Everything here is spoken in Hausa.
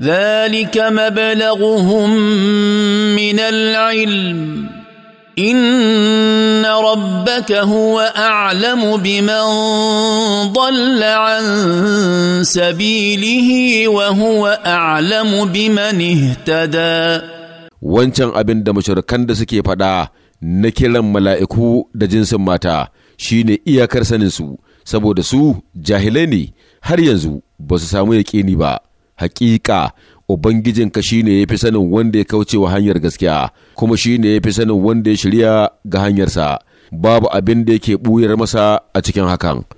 ذلك مبلغهم من العلم ان ربك هو اعلم بمن ضل عن سبيله وهو اعلم بمن اهتدى wancan abin da mashirkan da suke faɗa na kiran mala'iku da jinsin mata shine iyakar saninsu saboda su jahilai ne har yanzu ba su samu yaƙini ba hakika Ubangijinka shi ne ya fi sanin wanda ya kauce wa hanyar gaskiya, kuma shi ne ya fi sanin wanda ya shirya ga hanyarsa, babu abin da yake ɓuyar masa a cikin hakan.